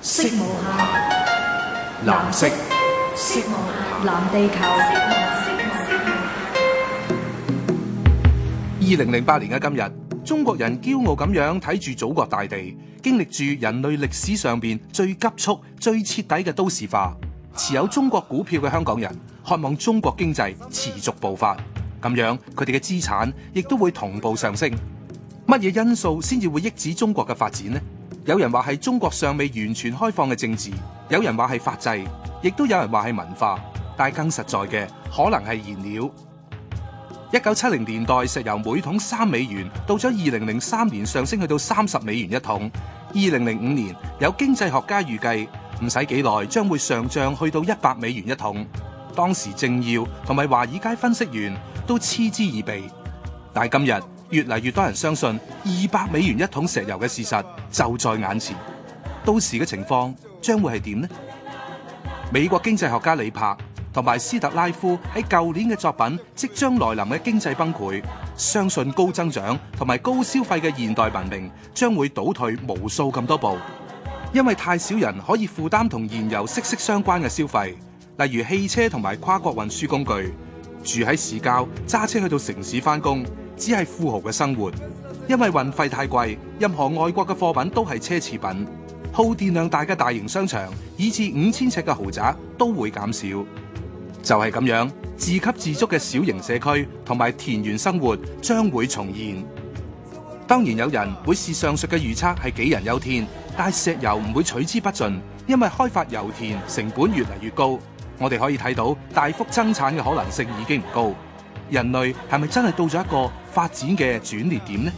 色無限，藍色，色無限，藍地球。二零零八年嘅今日，中國人驕傲咁樣睇住祖國大地，經歷住人類歷史上邊最急速、最徹底嘅都市化。持有中國股票嘅香港人，渴望中國經濟持續步發，咁樣佢哋嘅資產亦都會同步上升。乜嘢因素先至會抑止中國嘅發展呢？有人話係中國尚未完全開放嘅政治，有人話係法制，亦都有人話係文化，但更實在嘅可能係燃料。一九七零年代石油每桶三美元，到咗二零零三年上升去到三十美元一桶。二零零五年有經濟學家預計唔使幾耐將會上漲去到一百美元一桶。當時政要同埋華爾街分析員都嗤之以鼻，但今日。越嚟越多人相信二百美元一桶石油嘅事實就在眼前。到時嘅情況將會係點呢？美國經濟學家李柏同埋斯特拉夫喺舊年嘅作品即將來臨嘅經濟崩潰，相信高增長同埋高消費嘅現代文明將會倒退無數咁多步，因為太少人可以負擔同燃油息息相關嘅消費，例如汽車同埋跨國運輸工具。住喺市郊揸車去到城市翻工。只係富豪嘅生活，因為運費太貴，任何外國嘅貨品都係奢侈品。耗電量大嘅大型商場，以至五千尺嘅豪宅都會減少。就係咁樣，自給自足嘅小型社區同埋田園生活將會重現。當然有人會視上述嘅預測係杞人憂天，但係石油唔會取之不盡，因為開發油田成本越嚟越高。我哋可以睇到大幅增產嘅可能性已經唔高。人類係咪真係到咗一個發展嘅轉捩點呢？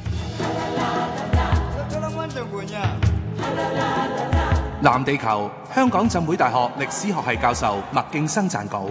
藍地球，香港浸會大學歷史學系教授麥勁生撰稿。